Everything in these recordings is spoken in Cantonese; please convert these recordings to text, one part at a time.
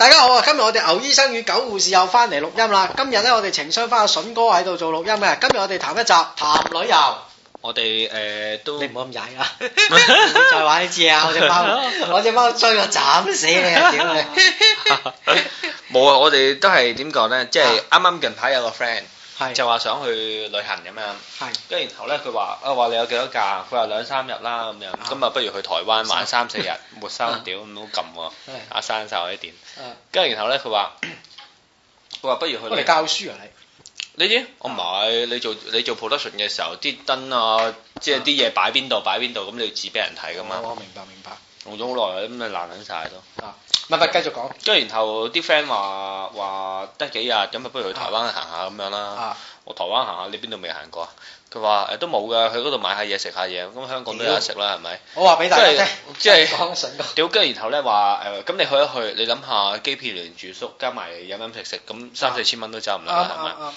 大家好啊！今日我哋牛醫生與狗護士又翻嚟錄音啦。今日咧，我哋情商翻阿笋哥喺度做錄音、呃、啊。今日我哋談一集談旅遊。我哋誒都，你唔好咁曳啊！再玩一次啊！我隻貓，我隻貓追我，斬死你啊！屌你！冇啊！我哋都係點講咧？即係啱啱近排有個 friend。就話想去旅行咁樣，跟住然後咧佢話啊，話你有幾多假？佢話兩三日啦咁樣，咁啊不如去台灣玩三四日。冇收屌，唔好撳喎，啊刪曬啲電。跟住然後咧佢話，佢話不如去。我嚟教書啊你。你知我唔係你做你做 production 嘅時候，啲燈啊，即係啲嘢擺邊度擺邊度，咁你要指俾人睇噶嘛。我明白明白，用咗好耐咁啊爛緊晒。都。唔係唔係，繼續講。跟住然後啲 friend 話話得幾日，咁咪不如去台灣行下咁樣啦。我台灣行下，你邊度未行過啊？佢話誒都冇㗎，去嗰度買下嘢食下嘢，咁香港都有得食啦，係咪？我話俾大家聽，即係屌，跟住然後咧話誒，咁你去一去，你諗下機票連住宿加埋飲飲食食，咁三四千蚊都走唔甩啦，係咪？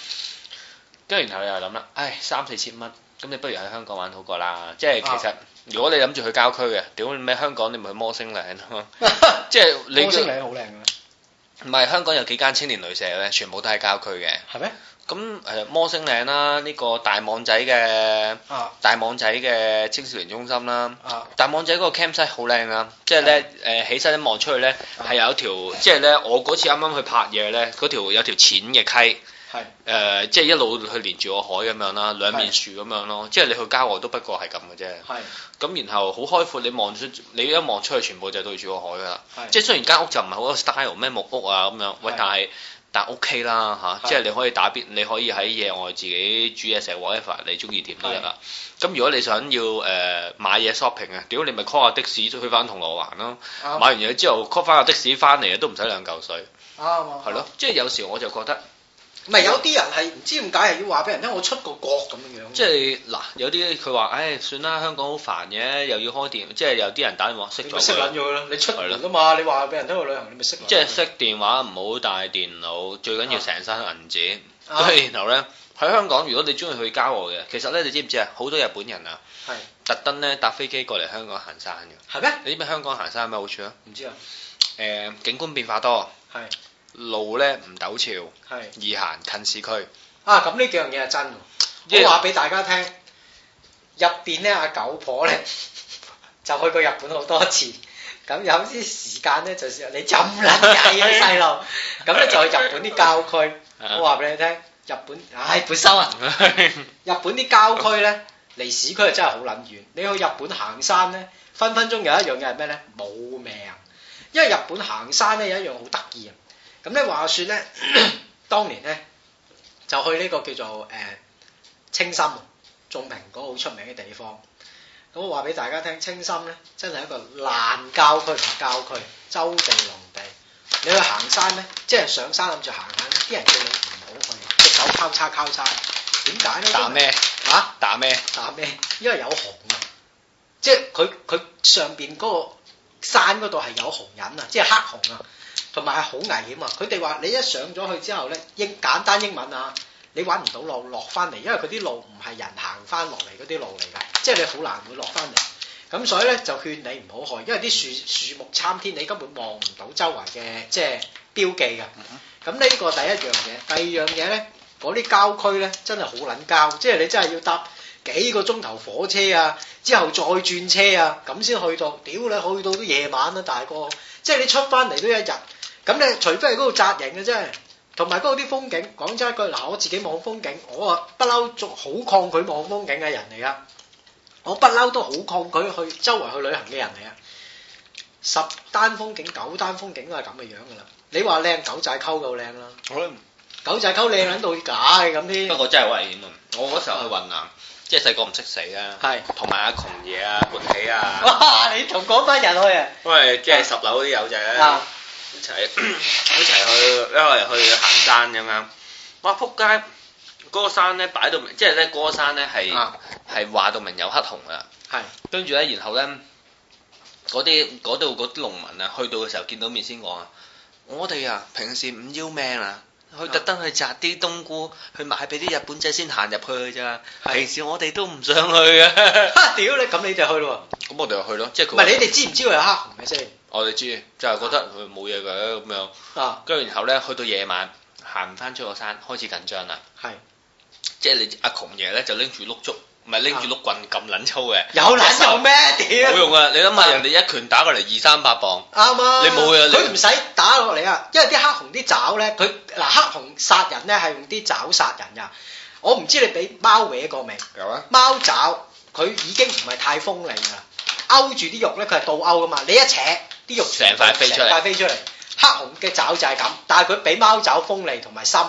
跟住然後你又諗啦，唉，三四千蚊，咁你不如喺香港玩好過啦，即係其實。如果你諗住去郊區嘅，屌你咩香港你咪去摩星嶺？即係麼 你摩星嶺好靚啊。唔係香港有幾間青年旅社咧，全部都係郊區嘅。係咩嗎？咁誒摩星嶺啦，呢、呢個大網仔嘅、啊、大網仔嘅青少年中心啦，啊、大網仔嗰個 campsite 好靚啊！即係咧誒起身咧望出去咧係有一條，即係咧我嗰次啱啱去拍嘢咧，嗰條，條有條淺嘅溪，溪。係誒，即係一路去連住個海咁樣啦，兩面樹咁樣咯。即係你去郊外都不過係咁嘅啫。係咁，然後好開闊，你望出你一望出去，全部就係對住個海㗎啦。即係雖然間屋就唔係好多 style 咩木屋啊咁樣，喂，但係但係 OK 啦嚇。即係你可以打邊，你可以喺野外自己煮嘢食 whatever，你中意點都得啦。咁如果你想要誒買嘢 shopping 啊，屌你咪 call 下的士去翻銅鑼灣咯。買完嘢之後 call 翻個的士翻嚟都唔使兩嚿水。啱係咯，即係有時我就覺得。唔係有啲人係唔知點解係要話俾人聽我出過國咁樣樣，即係嗱有啲佢話，唉、哎、算啦，香港好煩嘅，又要開電，即係有啲人打電話熄咗佢，熄撚咗佢咯，你出門噶嘛，了你話俾人聽去旅行，你咪熄。即係熄電話，唔好帶電腦，最緊要成身銀紙。啊、然後咧喺香港，如果你中意去郊外嘅，其實咧你知唔知啊？好多日本人啊，係是特登咧搭飛機過嚟香港行山嘅，係咩嗎？你知唔知香港行山有咩好處啊？唔知啊，誒景觀變化多係。是路咧唔陡峭，係易是行，近市區。啊，咁呢幾樣嘢係真。Yeah. 我話俾大家聽，入邊咧，阿九婆咧 就去過日本好多次。咁有啲時間咧，就是、你咁撚曳嘅細路，咁咧 就去日本啲郊區。 我話俾你聽，日本唉本收啊！日本啲 郊區咧，離市區啊真係好撚遠。你去日本行山咧，分分鐘有一樣嘢係咩咧？冇命，因為日本行山咧有一樣好得意。咁咧，話說咧，當年咧就去呢個叫做誒青森種蘋果好出名嘅地方。咁我話俾大家聽，青森咧真係一個爛郊區同郊區，周地農地。你去行山咧，即係上山諗住行下，啲人叫你唔好去，隻手交叉交叉。點解咧？打咩？吓、啊？打咩？打咩？因為有熊人，即係佢佢上邊嗰個山嗰度係有熊人啊，即係黑熊啊。同埋係好危險啊！佢哋話你一上咗去之後咧，英簡單英文啊，你揾唔到路落翻嚟，因為佢啲路唔係人行翻落嚟嗰啲路嚟㗎，即係你好難會落翻嚟。咁所以咧就勸你唔好去，因為啲樹樹木參天，你根本望唔到周圍嘅即係標記㗎。咁呢個第一樣嘢，第二樣嘢咧，嗰啲郊區咧真係好撚郊，即係你真係要搭幾個鐘頭火車啊，之後再轉車啊，咁先去到。屌你去到都夜晚啦、啊，大哥，即係你出翻嚟都一日。咁你除非係嗰度紮營嘅啫，同埋嗰度啲風景，講真一句，嗱，我自己望風景，我啊不嬲，都好抗拒望風景嘅人嚟啊！我不嬲都好抗拒去周圍去旅行嘅人嚟啊！十單風景九單風景都係咁嘅樣噶啦，你話靚九寨溝夠靚啦，九寨溝靚喺度假嘅咁啲。不過真係好危險啊！我嗰時候去雲南，即係細個唔識死啊。係，同埋阿窮爺啊，活起啊。哇！你同嗰班人去啊？喂，即係十樓嗰啲友仔。一齊，一齊去，因為去行山咁樣，哇！撲街，嗰個山咧擺到明，即係咧，嗰個山咧係係話到明有黑熊啊！係，跟住咧，然後咧，嗰啲度嗰啲農民啊，去到嘅時候見到面先講啊，我哋啊平時唔要命啊，去特登去摘啲冬菇去賣俾啲日本仔先行入去嘅咋，平時我哋都唔想去嘅，屌你，咁你就去咯，咁我哋又去咯，即係佢唔係你哋知唔知佢有黑熊嘅先？我哋知，就係覺得佢冇嘢嘅咁樣，跟住然後咧去到夜晚行翻出個山，開始緊張啦。係，即係你阿窮爺咧就拎住碌竹，唔係拎住碌棍咁撚粗嘅，有撚有咩點？冇用啊！你諗下，人哋一拳打過嚟二三百磅，啱啊！你冇佢唔使打落嚟啊，因為啲黑熊啲爪咧，佢嗱黑熊殺人咧係用啲爪殺人啊！我唔知你俾貓搲過未？有啊！貓爪佢已經唔係太鋒利啦。勾住啲肉咧，佢係倒勾噶嘛。你一扯啲肉，成塊飛出嚟，成塊飛出嚟。黑熊嘅爪就係咁，但係佢比貓爪鋒利同埋深，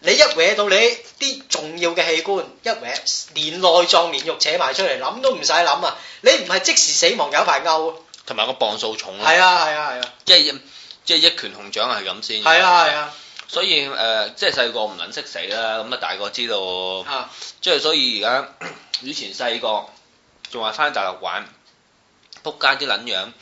你一搲到你啲重要嘅器官，一搲連內臟、連肉扯埋出嚟，諗都唔使諗啊！你唔係即時死亡，有排勾。啊，同埋個磅數重啊！係啊係啊係啊！即係即係一拳熊掌係咁先。係啊係啊！啊啊所以誒、呃，即係細個唔捻識死啦，咁啊大個知道。吓、啊，即係所以而家以前細個仲話翻大陸玩。仆街啲撚樣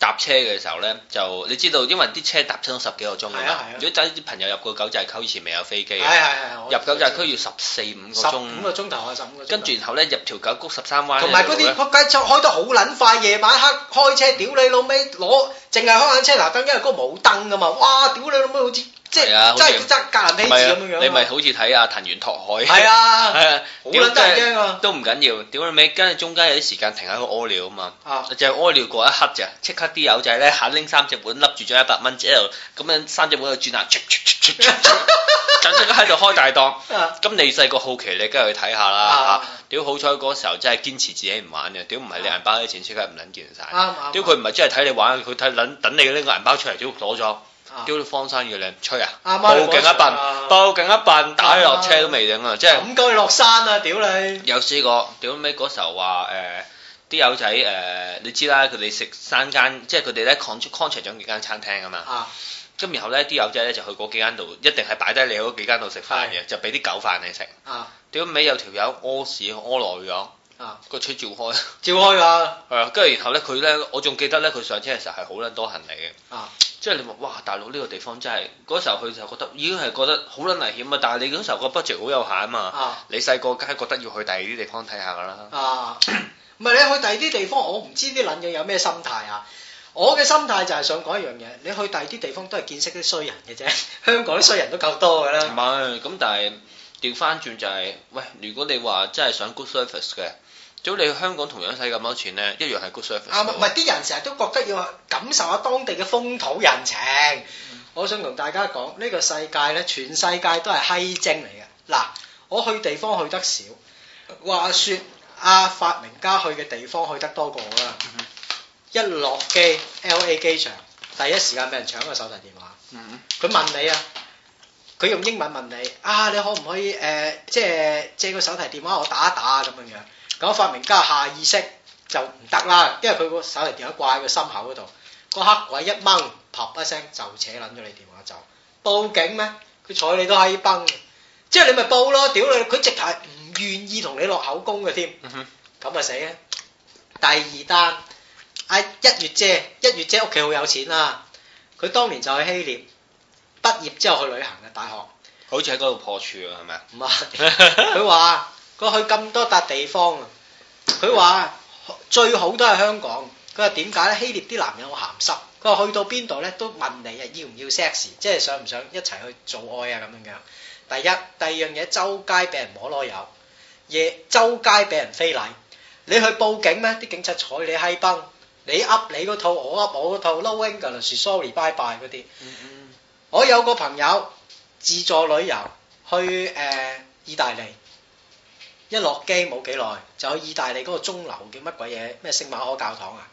搭車嘅時候咧，就你知道，因為啲車搭親十幾個鐘，是啊，如果帶啲朋友入個九寨溝以前未有飛機，是啊、入九寨區九寨溝要十四五個鐘，五個鐘頭啊，十五個。跟住然後咧入條九曲十三彎，同埋嗰啲仆街車開得好撚快，夜晚黑開車，屌你老味，攞淨係開緊車頭燈，因為嗰個冇燈噶嘛，哇，屌你老味，好似～即係啊，真係負責隔你咪好似睇阿藤原拓海。係啊，係啊，好撚得人驚啊！都唔緊要，屌你咪，跟住中間有啲時間停喺個屙尿啊嘛。啊！就係屙尿嗰一刻咋，即刻啲友仔咧下拎三隻碗笠住咗一百蚊之後，咁樣三隻碗就轉下，即刻喺度開大檔。咁你細個好奇，你梗係去睇下啦。屌好彩嗰時候真係堅持自己唔玩嘅，屌唔係你銀包啲錢即刻唔撚見晒。屌佢唔係真係睇你玩，佢睇撚等你拎個銀包出嚟，屌攞咗。丟到荒山越嶺，吹啊！報、啊、警一笨，報、啊、警一笨，打你落車都未頂啊！即係咁鳩你落山啊！屌你！有試過，屌尾嗰時候話誒，啲友仔誒，你知啦，佢哋食山間，即係佢哋咧 control c t 咗幾間餐廳啊嘛。咁、啊、然後咧，啲友仔咧就去嗰幾間度，一定係擺低你嗰幾間度食飯嘅，是就俾啲狗飯你食。屌尾有條友屙屎屙耐咗。個、啊、車照召開，照 開噶係啊，跟住、啊、然後咧，佢咧，我仲記得咧，佢上車嘅時候係好捻多行李嘅，啊，即係你話哇，大佬，呢個地方真係，嗰時候佢就覺得已經係覺得好捻危險啊，但係你嗰時候個 budget 好有限啊嘛，啊你細個梗係覺得要去第二啲地方睇下噶啦，啊，唔係你去第二啲地方，我唔知啲捻樣有咩心態啊，我嘅心態就係想講一樣嘢，你去第二啲地方都係見識啲衰人嘅啫，香港啲衰人都夠多噶啦，唔係、嗯，咁但係調翻轉就係、是，喂，如果你話真係想 good service 嘅。如果你去香港同樣使咁多錢咧，一樣係 good service。啊，唔係啲人成日都覺得要感受下當地嘅風土人情。嗯、我想同大家講，呢、呢個世界咧，全世界都係閪精嚟嘅。嗱，我去地方去得少，話説阿發明家去嘅地方去得多過我啦。嗯嗯，一落機 L A 機場，第一時間俾人搶個手提電話。嗯，嗯，佢問你啊，佢用英文問你啊，你可唔可以誒、呃，即係借個手提電話我打一打啊，咁樣樣。咁發明家下意識就唔得啦，因為佢個手提電話掛喺個心口嗰度，個黑鬼一掹，啪一聲就扯捻咗，你電話就報警咩？佢睬你都係崩嘅，即係你咪報咯，屌你，佢直頭唔願意同你落口供嘅添。咁啊死啊！第二單阿一月姐，一月姐屋企好有錢啦，啊，佢當年就去希臘畢業之後去旅行嘅大學，好似喺嗰度破處啊，係咪唔係，佢話。 佢去咁多笪地方，佢話最好都係香港。佢話點解咧？希臘啲男人好鹹濕。佢話去到邊度咧都問你啊，要唔要 sex，即係想唔想一齊去做愛啊？咁樣樣，第一，第二樣嘢周街俾人摸囉柚，嘢周街俾人非禮，你去報警咩？啲警察睬你閪崩，你噏你嗰套，我噏我嗰套，no English sorry bye bye 嗰啲。嗯嗯。我有個朋友自助旅遊去誒意大利。一落機冇幾耐，就去意大利嗰個鐘樓，叫乜鬼嘢？咩聖馬可教堂啊？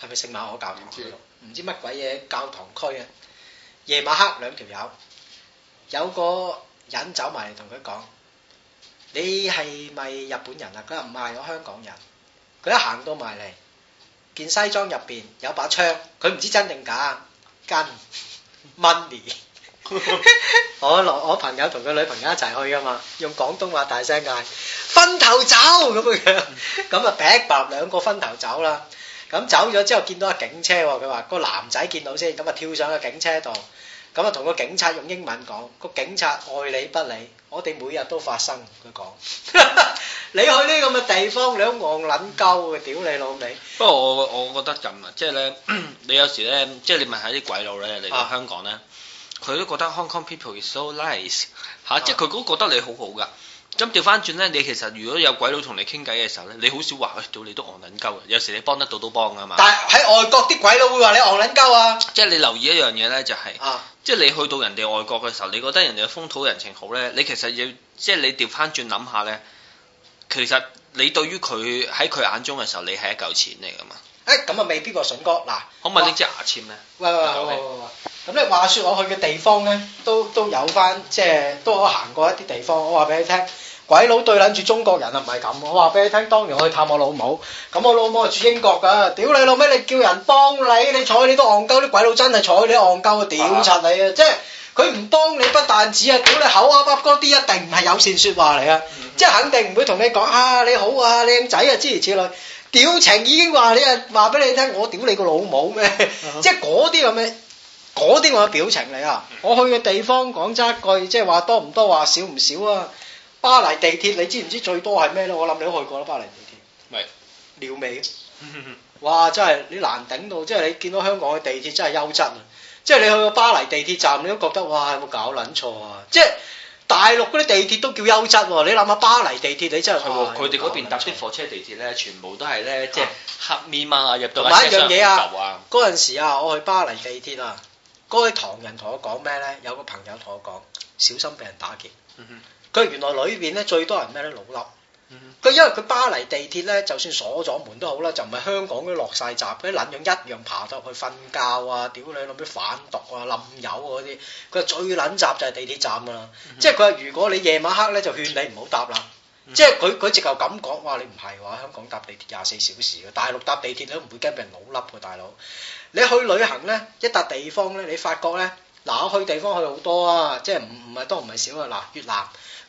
係咪聖馬可教堂啊？唔知，唔知乜鬼嘢教堂區啊！夜晚黑兩條友，有個人走埋嚟同佢講：你係咪日本人啊？佢唔係，我香港人。佢一行到埋嚟，件西裝入邊有把槍，佢唔知真定假，跟問你。 Money. 我落我朋友同佢女朋友一齊去噶嘛，用廣東話大聲嗌，分頭走咁嘅樣，咁啊劈白兩個分頭走啦。咁走咗之後見到個警車，佢話個男仔見到先，咁啊跳上個警車度，咁啊同個警察用英文講，個警察愛理不理，我哋每日都發生佢講。你去呢咁嘅地方兩戇捻鳩啊，屌你老味！不過我我覺得咁啊，即係咧，你有時咧，即係你問下啲鬼佬咧，嚟到香港咧。佢都覺得 Hong Kong people is so nice，嚇、啊，啊、即係佢都覺得你好好噶。咁調翻轉咧，你其實如果有鬼佬同你傾偈嘅時候咧，你好少話，喂，屌你都戇撚鳩嘅。有時你幫得到都幫㗎嘛。啊、但係喺外國啲鬼佬會話你戇撚鳩啊。即係你留意一樣嘢咧、就是，就係、啊，即係你去到人哋外國嘅時候，你覺得人哋嘅風土人情好咧，你其實要，即係你調翻轉諗下咧，其實你對於佢喺佢眼中嘅時候，你係一嚿錢嚟㗎嘛。誒、哎，咁啊未必喎，筍哥，嗱，可唔可以拎支哇牙籤咧？喂喂喂是不是喂喂！咁你話說我去嘅地方咧，都都有翻，即係都我行過一啲地方。我話俾你聽，鬼佬對撚住中國人啊，唔係咁。我話俾你聽，當年我去探我老母，咁我老母住英國噶。屌你老咩！你叫人幫你，你睬你都戇鳩，啲鬼佬真係睬你都戇鳩啊！屌柒你啊！即係佢唔幫你不但止啊！屌你口，啱啱啲一定唔係友善說話嚟啊！即係肯定唔會同你講啊，你好啊，靚仔啊，諸如此類。表情已經話你啊，話俾你聽，我屌你個老母咩？即係嗰啲咁嘅。嗰啲我嘅表情嚟啊！我去嘅地方講真一句，即係話多唔多話少唔少啊！巴黎地鐵你知唔知最多係咩咧？我諗你都去過啦，巴黎地鐵。咪撩味嘅， 哇真係你難頂到！即係你見到香港嘅地鐵真係優質啊！即係你去到巴黎地鐵站，你都覺得哇有冇搞撚錯啊！即係大陸嗰啲地鐵都叫優質喎、啊！你諗下巴黎地鐵，你真係去喎！佢哋嗰邊搭啲、啊、火車地鐵咧，全部都係咧即係黑面啊入到啊。同埋、啊、一樣嘢啊！嗰陣時啊，我去巴黎地鐵啊。嗰位唐人同我講咩咧？有個朋友同我講，小心俾人打劫。佢原來裏邊咧最多人咩咧？老笠。佢、嗯、哼因為佢巴黎地鐵咧，就算鎖咗門都好啦，就唔係香港都落晒閘，嗰啲撚樣一樣爬到去瞓覺啊！屌你老母販毒啊、冧友嗰啲。佢話最撚雜就係地鐵站噶、啊、啦，即係佢話如果你夜晚黑咧，就勸你唔好搭啦。嗯、即係佢佢直頭咁講，哇！你唔係話香港搭地鐵廿四小時嘅，大陸搭地鐵你都唔會驚俾人老笠嘅，大佬。你去旅行咧，一笪地方咧，你發覺咧，嗱、啊，我去地方去好多啊，即係唔唔係多唔係少啊。嗱、啊，越南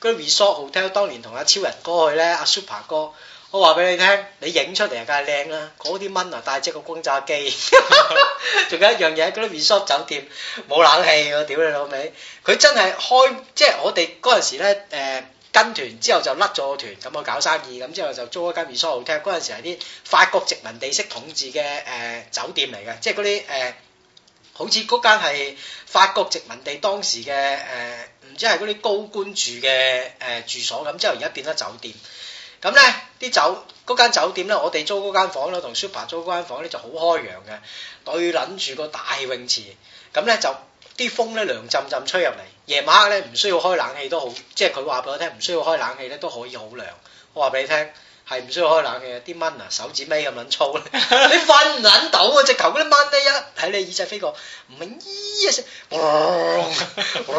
嗰啲、那個、resort hotel 當年同阿超人哥去咧，阿、啊、super 哥，我話俾你聽，你影出嚟梗係靚啦，嗰啲蚊啊大隻個轟炸機，仲 有一樣嘢，嗰、那、啲、個、resort 酒店冇冷氣嘅，屌你老味，佢真係開，即係我哋嗰陣時咧，誒、呃。跟團之後就甩咗個團，咁我搞生意，咁之後就租一間 resort hotel，嗰陣時係啲法國殖民地式統治嘅誒酒店嚟嘅，即係嗰啲誒，好似嗰間係法國殖民地當時嘅誒，唔、呃、知係嗰啲高官住嘅誒住所咁，之後而家變咗酒店。咁咧啲酒嗰間酒店咧，我哋租嗰間房咧，同 Super 租嗰間房咧就好開揚嘅，對撚住個大泳池，咁咧就。啲風咧涼浸浸吹入嚟，夜晚咧唔需要開冷氣都好，即係佢話俾我聽唔需要開冷氣咧都可以好涼。我話俾你聽係唔需要開冷氣，啲蚊啊手指尾咁撚粗， 你瞓唔撚到啊，只球嗰啲蚊咧一喺你耳仔飛過，唔係咿呀聲，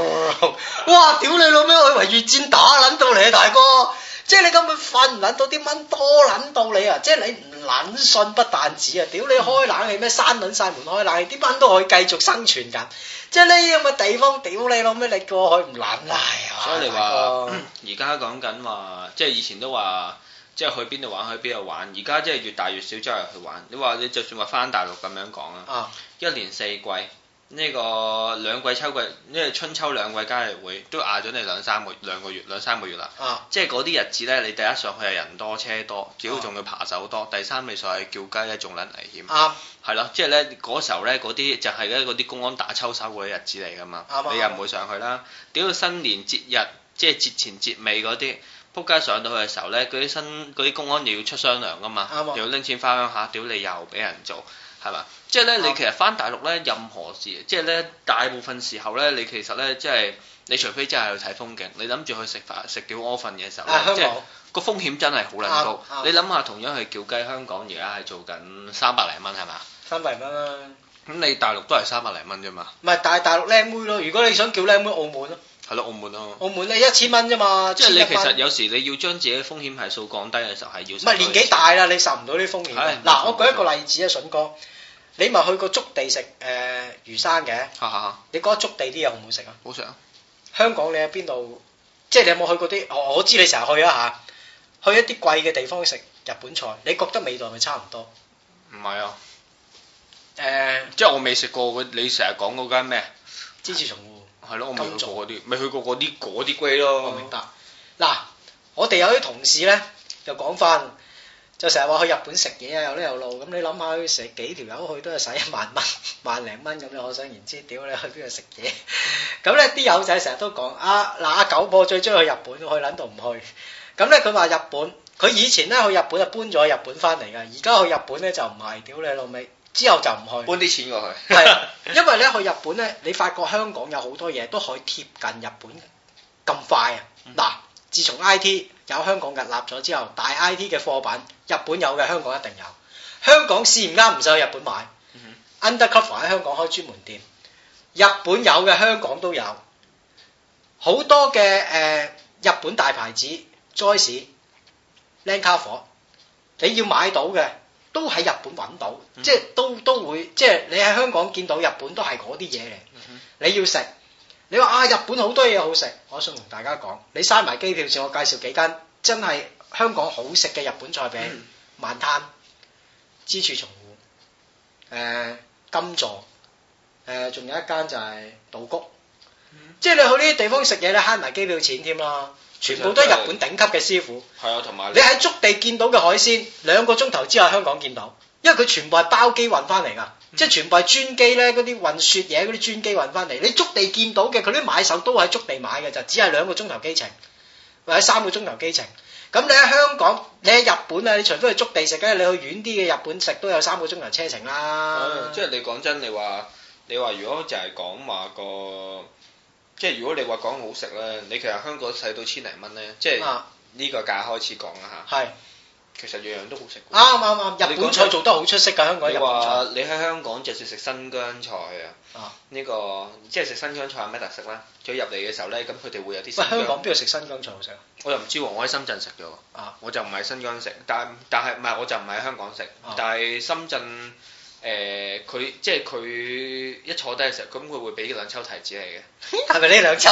哇屌你老味，我以為越戰打撚到你啊大哥，即係你根本瞓唔撚到啲蚊多撚到你啊，即係你唔。冷信不但止啊！屌、嗯、你開冷氣咩？閂 𡳞 晒門開冷氣，啲班都可以繼續生存㗎。即係呢啲咁嘅地方，屌你老咩！你過去唔冷啊？所以你話而家講緊話，即係以前都話，即係去邊度玩去邊度玩。而家即係越大越少，即係去玩。你話你就算話翻大陸咁樣講啊，一年四季。呢個兩季秋季，因、這、為、個、春秋兩季交易會都壓咗你兩三個兩個月兩三個月啦。月月啊、即係嗰啲日子咧，你第一上去係人多車多，屌仲要扒手多；第三你上去叫雞咧，仲撚危險。啱、啊。係咯，即係咧嗰時候咧，嗰啲就係咧嗰啲公安打秋收嗰啲日子嚟噶嘛。啊啊、你又唔會上去啦。屌、啊啊、新年節日，即係節前節尾嗰啲，撲街上到去嘅時候咧，嗰啲新嗰啲公安你要出雙糧噶嘛，又要拎錢翻鄉下，屌你又俾人做，係嘛、啊？啊啊啊啊即係咧，你其實返大陸咧，任何事，即係咧，大部分時候咧，你其實咧、就是，即係你除非真係去睇風景，你諗住去食飯、食吊鵝粉嘅時候，香港個風險真係好難高。啊啊、你諗下，同樣去叫雞，香港而家係做緊三百零蚊係嘛？三百零蚊，咁、啊、你大陸都係三百零蚊啫嘛。唔係但係大陸靚妹咯，如果你想叫靚妹，澳門咯、啊。係咯，澳門咯、啊。澳門你一千蚊啫嘛。1，即係你其實有時你要將自己風險係數降低嘅時候係要。唔係年紀大啦，你受唔到呢風險、啊。嗱的、啊，我舉一個例子啊，筍哥。你咪去過築地食誒魚生嘅，你覺得築地啲嘢好唔好食啊？好食啊！香港你喺邊度？即係你有冇去過啲？我我知你成日去啊嚇！去一啲貴嘅地方食日本菜，你覺得味道係咪差唔多？唔係啊！誒，即係我未食過嗰你成日講嗰間咩？芝士蟲喎，係咯，我未去過嗰啲，未去過嗰啲嗰啲貴咯。我明白。嗱，我哋有啲同事咧，又講翻。就成日話去日本食嘢啊，又呢又路，咁你諗下佢成日幾條友去都係使一萬蚊、萬零蚊咁咧，可想而知屌你去邊度食嘢？咁咧啲友仔成日都講啊，嗱，阿九婆最中意去日本，去佢撚到唔去。咁咧佢話日本，佢以前咧去日本就搬咗去日本翻嚟㗎，而家去日本咧就唔係，屌你老味，之後就唔去。搬啲錢過去。係， 因為咧去日本咧，你發覺香港有好多嘢都可以貼近日本咁快啊，嗱、嗯。自從 IT 有香港嘅立咗之後，大 IT 嘅貨品，日本有嘅香港一定有。香港試唔啱唔使去日本買。Mm hmm. Undercover 喺香港開專門店，日本有嘅香港都有。好多嘅誒、呃、日本大牌子，Joyce，連卡佛，你要買到嘅都喺日本揾到，mm hmm. 即係都都會，即係你喺香港見到日本都係嗰啲嘢嚟。Mm hmm. 你要食，你話啊，日本好多嘢好食，我想同大家講，你嘥埋機票錢，借我介紹幾間真係香港好食嘅日本菜餅，晚灘、嗯、之處重戶、誒、呃、金座、誒、呃、仲有一間就係稻穀，嗯、即係你去呢啲地方食嘢，你慳埋機票錢添啦，嗯、全部都係日本頂級嘅師傅，係啊、就是，同埋你喺築地見到嘅海鮮，兩個鐘頭之後香港見到，因為佢全部係包機運翻嚟噶。即係全部係專機咧，嗰啲運雪嘢，嗰啲專機運翻嚟。你築地見到嘅，佢啲買手都喺築地買嘅就，只係兩個鐘頭機程，或者三個鐘頭機程。咁你喺香港，你喺日本啊，你除非去築地食，梗係你去遠啲嘅日本食都有三個鐘頭車程啦。嗯，即係你講真，你話你話如果就係講話個，即係如果你話講好食咧，你其實香港使到千零蚊咧，即係呢個價開始講啦嚇。係，啊。其實樣樣都好食，啊。啱啱啱，日本菜說做得好出色噶，香港人話你喺香港著數食新疆菜啊、這個？呢個即係食新疆菜有咩特色咧？佢入嚟嘅時候咧，咁佢哋會有啲。喂，香港邊度食新疆菜好食？我又唔知喎，我喺深圳食咗。啊我，我就唔係新疆食，但但係唔係我就唔係喺香港食，啊、但係深圳誒，佢、呃、即係佢一坐低嘅時候，咁佢會俾兩抽提子嚟嘅。係咪呢兩抽？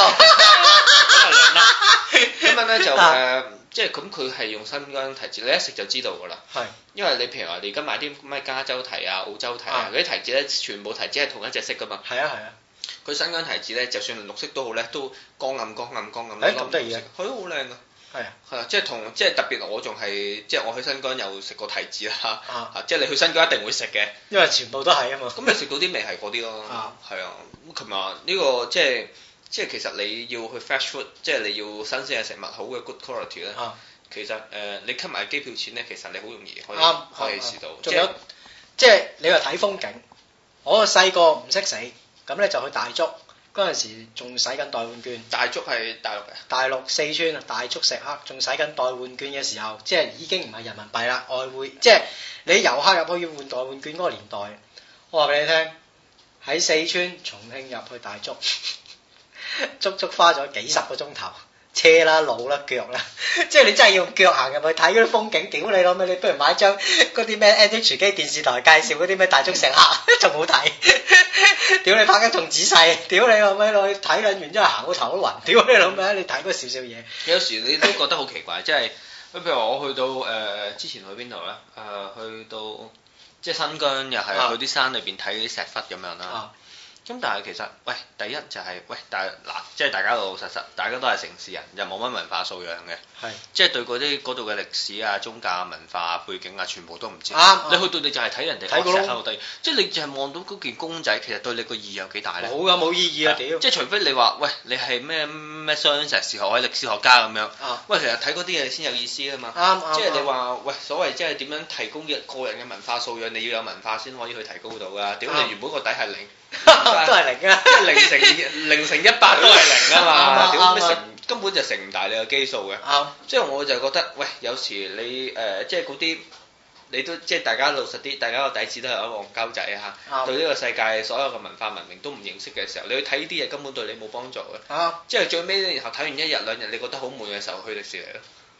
咁樣咧就誒。啊 即係咁，佢係用新疆提子，你一食就知道㗎啦。係，因為你譬如話，你而家買啲咩加州提啊、澳洲提啊，嗰啲提子咧，全部提子係同一隻色㗎嘛。係啊係啊，佢新疆提子咧，就算綠色都好咧，都光暗光暗光暗咁。誒，咁得意佢都好靚啊。係。係啊，即係同即係特別，我仲係即係我去新疆又食過提子啦。即係你去新疆一定會食嘅，因為全部都係啊嘛。咁你食到啲味係嗰啲咯。啊。係啊。咁琴日呢個即係。即係其實你要去 fresh food，即係你要新鮮嘅食物，好嘅 good quality 咧、啊。其實誒、呃，你吸埋機票錢咧，其實你好容易可以、啊啊、可以試到。仲有要、就是、即係你話睇風景，我細個唔識死，咁咧就去大足嗰陣時仲使緊代換券。大足係大陸嘅。大陸四川啊，大足石刻，仲使緊代換券嘅時候，即係已經唔係人民幣啦，外匯。即係你遊客入去要換代換券嗰個年代，我話俾你聽，喺四川重慶入去大足。 足足花咗幾十個鐘頭，車啦、路啦、腳啦，即係你真係用腳行入去睇嗰啲風景，屌你老味！你不如買張嗰啲咩 NHK 電視台介紹嗰啲咩大足石刻，仲好睇。屌你拍得仲仔細，屌你老味你去睇兩完之後行到頭都暈，屌你老味！你睇嗰少少嘢。有時你都覺得好奇怪，即係譬如我去到誒、呃、之前去邊度咧？誒、呃、去到即係新疆，又係、啊、去啲山裏邊睇啲石窟咁樣啦。啊咁、嗯、但係其實，喂，第一就係、係，喂，但係嗱，即係大家老老實實，大家都係城市人，又冇乜文化素養嘅，係，即係對嗰啲嗰度嘅歷史啊、宗教啊、文化啊、背景啊，全部都唔知，啱、啊，你去到你就係睇人哋，睇過咯，即係你就係望到嗰件公仔，其實對你個意義有幾大咧？冇噶、啊，冇意義啊，啊即係除非你話，喂，你係咩？嗯咩碩士學位歷史學家咁樣？喂，其實睇嗰啲嘢先有意思啊嘛！即係你話，喂，所謂即係點樣提供一個人嘅文化素養，你要有文化先可以去提高到噶。屌你原本個底係零，都係零啊！即係零乘零乘一百都係零啊嘛！屌咩根本就成唔大，你個基數嘅。即係我就覺得，喂，有時你誒，即係嗰啲。你都即係大家老實啲，大家個底子都係一個憨鳩仔嚇，啊、對呢個世界所有嘅文化文明都唔認識嘅時候，你去睇呢啲嘢根本對你冇幫助嘅，啊、即係最尾然後睇完一日兩日，你覺得好悶嘅時候，去迪士尼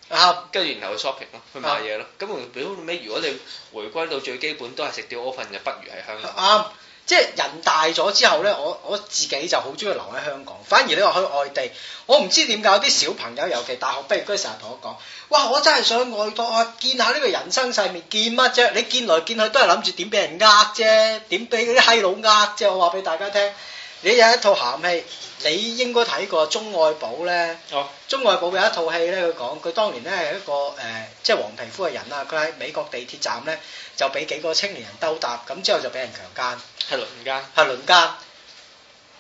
咯，跟住、啊、然後去 shopping 咯，去買嘢咯，咁完屌到尾，如果你回歸到最基本，都係食掉 open 嘅不如喺香港。啊啊。即係人大咗之後咧，我我自己就好中意留喺香港。反而你話去外地，我唔知點解有啲小朋友，尤其大學畢業嗰陣，成日同我講：哇！我真係想外國啊，見下呢個人生世面，見乜啫？你見來見去都係諗住點俾人呃啫，點俾嗰啲閪佬呃啫。我話俾大家聽。你有一套鹹戲，你應該睇過鍾愛寶咧。哦，鍾愛寶有一套戲咧，佢講佢當年咧係一個誒、呃，即係黃皮膚嘅人啦。佢喺美國地鐵站咧，就俾幾個青年人兜搭，咁之後就俾人強姦，係輪奸，係輪奸。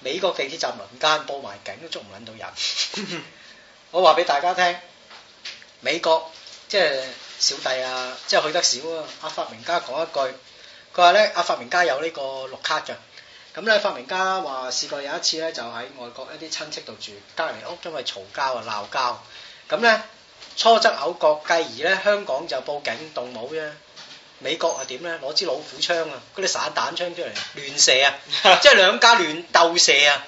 美國地鐵站輪奸，報埋警都捉唔撚到人。 我話俾大家聽，美國即係小弟啊，即係去得少啊。阿發明家講一句，佢話咧，阿、啊、發明家有呢個綠卡㗎。咁咧，發明家話試過有一次咧，就喺外國一啲親戚度住，隔離屋，因為嘈交啊鬧交。咁咧初則口角，繼而咧香港就報警動武啫。美國啊點咧？攞支老虎槍啊，嗰啲散彈槍出嚟亂射啊，即係兩家亂鬥射啊。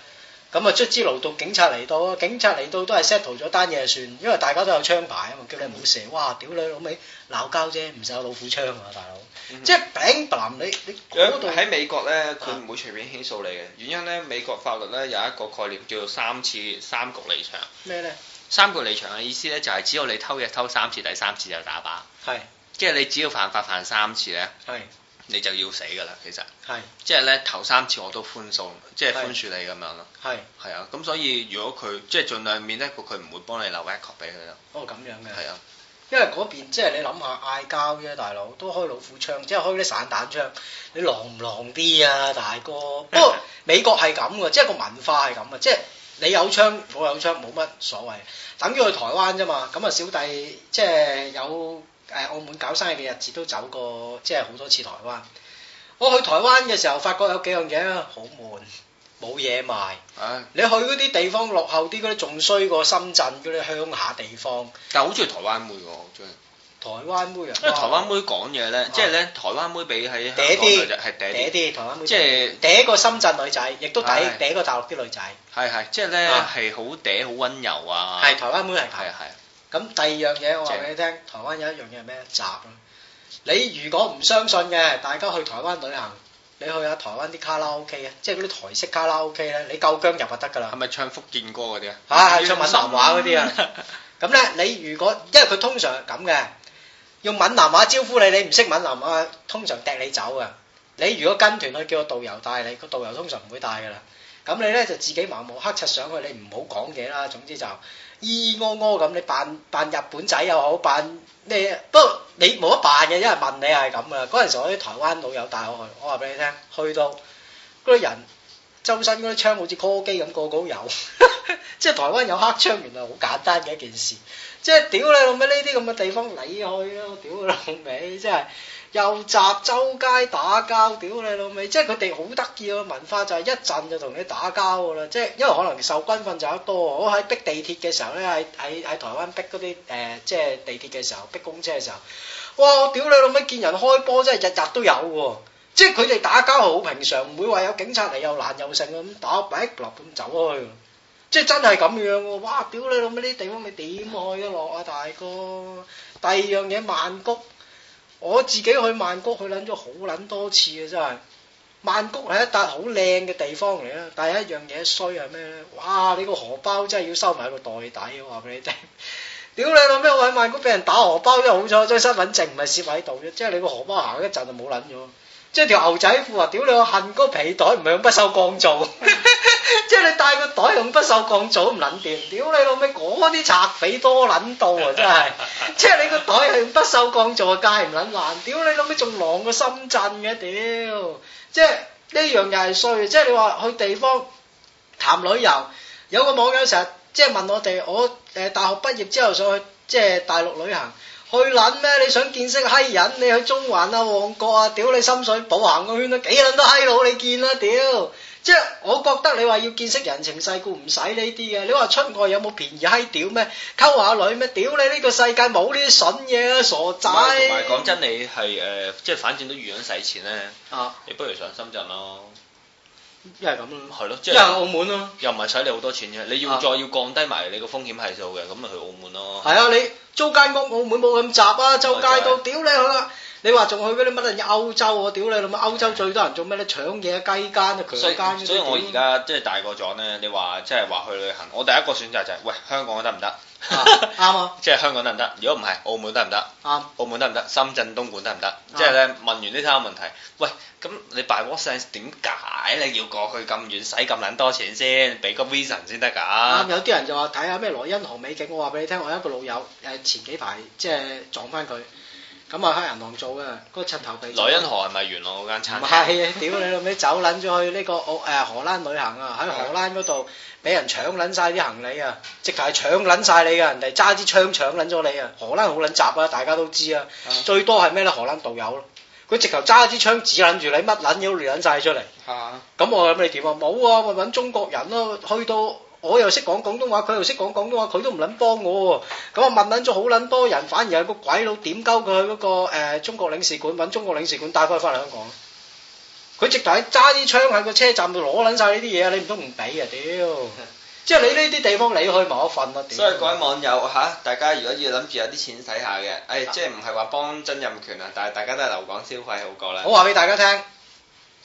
咁啊，卒之勞動警察嚟到，啊，警察嚟到，警察嚟到都係 settle 咗單嘢就算，因為大家都有槍牌啊嘛，叫你唔好射。哇！屌你老味鬧交啫，唔使有老虎槍啊，大佬。即係餅談你你度喺美國咧，佢唔會隨便起訴你嘅原因咧。美國法律咧有一個概念叫做三次三局離場。咩咧？三局離場嘅意思咧，就係只要你偷嘢偷三次，第三次就打靶。係是。即係你只要犯法犯三次咧，係是你就要死㗎啦。其實係。即係咧，頭三次我都寬恕，即係寬恕你咁樣咯。係是。係是啊，咁所以如果佢即係盡量免得，佢唔會幫你留 record 俾佢啦。哦，咁樣嘅。係啊。因為嗰邊即係你諗下嗌交啫，大佬都開老虎槍，即係開啲散彈槍。你狼唔狼啲啊，大哥？不過美國係咁嘅，即係個文化係咁嘅，即係你有槍我有，有槍冇乜所謂。等於去台灣啫嘛。咁啊，小弟即係有誒澳門搞生意嘅日子都走過，即係好多次台灣。我去台灣嘅時候，發覺有幾樣嘢好悶。冇嘢賣，你去嗰啲地方落後啲嗰啲，仲衰過深圳嗰啲鄉下地方。但係好中意台灣妹喎，我中意台灣妹。因為台灣妹講嘢咧，即係咧，台灣妹比喺香港嗰啲係嗲啲，台灣妹即係嗲過深圳女仔，亦都抵嗲過大陸啲女仔。係係，即係咧係好嗲，好溫柔啊！係台灣妹係係。咁第二樣嘢，我話俾你聽，台灣有一樣嘢係咩？雜咯。你如果唔相信嘅，大家去台灣旅行。你去下台灣啲卡拉 OK 啊，即係嗰啲台式卡拉 OK 咧，你夠姜入就得㗎啦。係咪唱福建歌嗰啲啊？嚇，係唱閩南話嗰啲啊。咁咧， 你如果因為佢通常係咁嘅，用閩南話招呼你，你唔識閩南話，通常掟你走㗎。你如果跟團去，叫個導遊帶你，個導遊通常唔會帶㗎啦。咁你咧就自己盲目黑漆上去，你唔好講嘢啦。總之就咦，哦，哦喔咁，你扮扮日本仔又好，扮咩都～你冇得辦嘅，因為問你係咁噶啦。嗰陣時我啲台灣老友帶我去，我話俾你聽，去到嗰啲人周身嗰啲槍好似柯基咁，個個，個個有， 即係台灣有黑槍，原來好簡單嘅一件事，即係屌你老味呢啲咁嘅地方你去咯，屌你老味，真係。又集周街打交，屌你老味！即係佢哋好得意啊，文化就係一陣就同你打交噶啦，即係因為可能受軍訓就得多。我喺逼地鐵嘅時候咧，喺喺喺台灣逼嗰啲誒，即係地鐵嘅時候逼公車嘅時候，哇！屌你老味，見人開波真係日日都有喎！即係佢哋打交好平常，唔會話有警察嚟又難又剩咁打，一粒咁走開。即係真係咁樣喎！哇！屌你老味，呢地方你點去得落啊，大哥！第二樣嘢曼谷。我自己去曼谷，去撚咗好撚多次嘅真係。曼谷係一笪好靚嘅地方嚟啦，但係一樣嘢衰係咩咧？哇！你個荷包真係要收埋喺個袋底，我話俾你聽。 屌你老味！我喺曼谷俾人打荷包，因為好彩，張身份證唔係攝喺度啫，即係你個荷包行一陣就冇撚咗。即係條牛仔褲啊！屌你個恨嗰個皮袋唔係用不鏽鋼做， 即係你帶個袋用不鏽鋼做都唔撚掂。屌你老味嗰啲賊匪多撚到啊！真係，即係你個袋係用不鏽鋼做，梗係唔撚爛。屌你老味仲狼過深圳嘅屌！即係呢樣又係衰。即係你話去地方談旅遊，有個網友成日即係問我哋，我誒大學畢業之後想去即係大陸旅行。去撚咩？你想見識閪人？你去中環啊、旺角啊，屌你深水埗行個圈都幾撚多閪佬你見啦，屌！即係我覺得你話要見識人情世故唔使呢啲啊。你話出外有冇便宜閪屌咩？溝下女咩？屌你呢個世界冇呢啲筍嘢啊！傻仔。同埋講真，你係誒、呃，即係反正都預咗使錢咧，啊、你不如上深圳咯。一係咁咯，一係澳門咯，啊，又唔係使你好多錢啫，你要再要降低埋你個風險係數嘅，咁咪，啊，去澳門咯，啊。係啊，你租間屋，澳門冇咁雜啊，周街都，屌你去啦！你話仲去嗰啲乜嘢歐洲我屌你，咁歐洲最多人做咩咧？搶嘢、雞奸、強奸。所以，所以，我而家即係大個咗咧，你話即係話去旅行，我第一個選擇就係喂，香港得唔得？啱啊！ 即係香港得唔得？如果唔係，澳門得唔得？啱。澳門得唔得？深圳、東莞得唔得？ 即係咧，問完呢三個問題，喂，咁你 WhatsApp 點解你要過去咁遠，使咁撚多錢先，俾個 reason 先得㗎？有啲人就話睇下咩萊茵河美景，我話俾你聽，我有一個老友誒，前幾排即係撞翻佢。咁啊，喺、嗯、銀行做嘅，嗰、那個襯頭鼻。萊茵河係咪元朗嗰間餐廳？唔係， 屌你老尾，走撚咗去呢、這個澳誒、啊、荷蘭旅行啊！喺荷蘭嗰度俾人搶撚晒啲行李啊！直頭係搶撚晒你啊！人哋揸支槍搶撚咗你啊！荷蘭好撚雜啊，大家都知啊。啊，最多係咩咧？荷蘭導遊咯，佢直頭揸支槍指撚住你，乜撚要都攤曬出嚟。嚇！咁我諗你點啊？冇啊，揾中國人咯、啊，去到。我又識講廣東話，佢又識講廣東話，佢都唔撚幫我，咁我問撚咗好撚多人，反而有個鬼佬點鳩佢去嗰個誒、呃、中國領事館，揾中國領事館帶佢翻嚟香港，佢直頭喺揸啲槍喺個車站度攞撚晒呢啲嘢，你唔通唔俾啊？屌！ 即係你呢啲地方你去埋冇一份乜？所以各位網友嚇，大家如果要諗住有啲錢使下嘅，誒、哎、即係唔係話幫曾蔭權啊？但係大家都係留港消費好過啦。我話俾大家聽。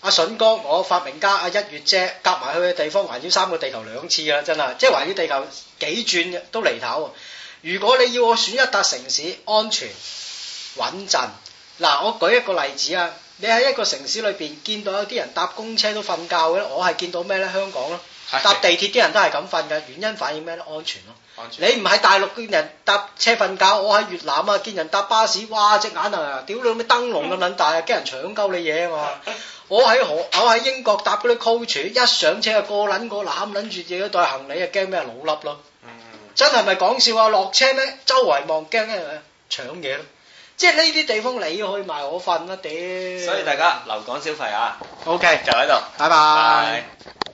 阿笋、啊、哥，我發明家阿、啊、一月姐，夾埋去嘅地方環繞三個地球兩次啊！真係，即係環繞地球幾轉都離頭。如果你要我選一笪城市，安全穩陣，嗱，我舉一個例子啊，你喺一個城市裏邊見到有啲人搭公車都瞓覺嘅，我係見到咩咧？香港咯。搭地鐵啲人都係咁瞓嘅，原因反映咩咧？安全咯、啊。安全、啊。你唔喺大陸見人搭車瞓覺，我喺越南啊見人搭巴士，哇隻眼啊！屌你咪燈籠咁撚大啊，驚、啊嗯、人搶鳩你嘢啊嘛！ 我喺河，我喺英國搭嗰啲 coach，一上車啊個撚個攬撚住自己袋行李啊，驚咩啊？老笠咯！真係咪講笑啊？落車咩？周圍望驚咩啊？搶嘢咯！即係呢啲地方，你去埋我瞓啊。屌！所以大家留港消費啊！OK，就喺度，拜拜。